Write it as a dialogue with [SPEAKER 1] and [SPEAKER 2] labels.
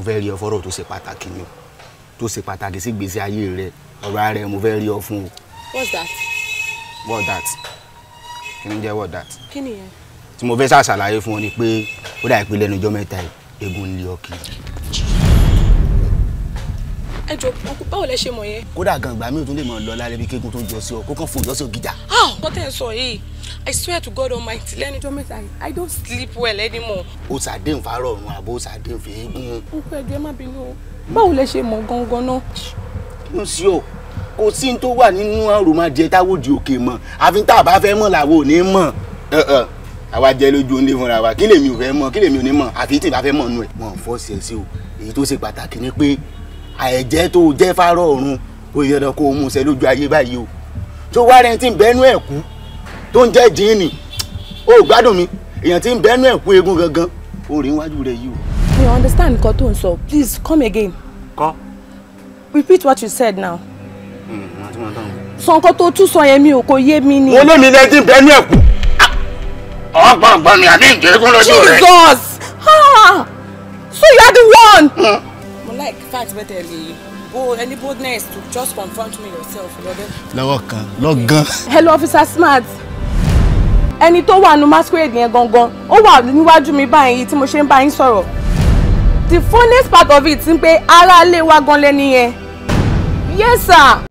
[SPEAKER 1] mo fẹ́ rí ọ fọ́rọ̀ tó ṣe pàtàkì ni o tó ṣe pàtàkì sí gbèsè ayé rẹ ọ̀rọ̀ rẹ mo fẹ́ rí ọ fún o. what's that. what's that kí ni jẹ́ what's that. kí ni yẹn. tí mo fẹ́ ṣàṣàlàyé fún ọ ni pé ó dà pé lẹ́nu ọjọ́ mẹ́ta yìí egun ń lé ọ kiri ẹ jọ ọkọ báwo lẹ ṣe mọ̀ yẹn. kódà gan ìgbà mi tún lè mọ lọ lálẹ́ bí kéegun tó jọ sí ọ kó kàn fò lọ́sọ̀ gíga.
[SPEAKER 2] ah kọ́tẹ́ sọ yìí i swear to god almighty lẹ́nu ọjọ́ mẹ́ta yìí i don't sleep well anymore.
[SPEAKER 1] o ṣàdé nfarọ̀ ọ̀run àbó ṣàdé nfẹ̀ eégún.
[SPEAKER 2] n kò ẹjọ́ ẹ má bínú o báwo lẹ ṣe mọ̀ gangan náà. kí ló ń ṣe o kò sí ní tó
[SPEAKER 1] wà nínú àròmọdìẹ táwọn di òkè mọ àfi tá a bá fẹ́ mọ̀ làwọn ò ní mọ̀ àwa jẹ lójú oúnjẹ fúnra wa kí lèmi ò fẹ́ mọ̀ kí lèmi ò ní mọ̀ àfi tí ìbá fẹ́ mọ̀ nù ẹ̀. wọn fọ́ sí ẹ sí o èyí tó ṣe pàtàkì ni pé àìjẹ́ tó jẹ́ fárọ̀ ọ̀run kò yẹ kó o mú sẹ lójú ayé báyìí o tó wá rẹ ti ń bẹ́nu ẹ̀ kú tó ń jẹ́ jíìnì ó gbádùn mi èèyàn ti ń bẹ́nu ẹ̀ kú eegun gangan ó rí iwájú rẹ yìí o.
[SPEAKER 2] mi ò understand nǹkan tó ń sọ please come again. kọ́. repeat what you said now. Hmm, sọ nǹkan tó tún sọ yẹn mi ò kò yé mi ni. olómi lẹ ti ń bẹ́nu ẹ̀ kú.
[SPEAKER 1] ọgbọ̀n ah! mi àbí ìgbẹ́gun lójú rẹ. Jesus
[SPEAKER 2] ah! so you are the one. Mm like fact bẹ́ẹ̀ tẹ̀lé bold any boldness to just confront me yourself lọ́dẹ. lọ́wọ́ kan lọ́gán. hello officer smart ẹni tó wà nù masquerade yẹn gangan ó wà níwájú mi báyìí tí mo ṣe ń bá yín sọ̀rọ̀ the funnest part of it ń pé ara lè wá gan lẹ́ni yẹn yes sir.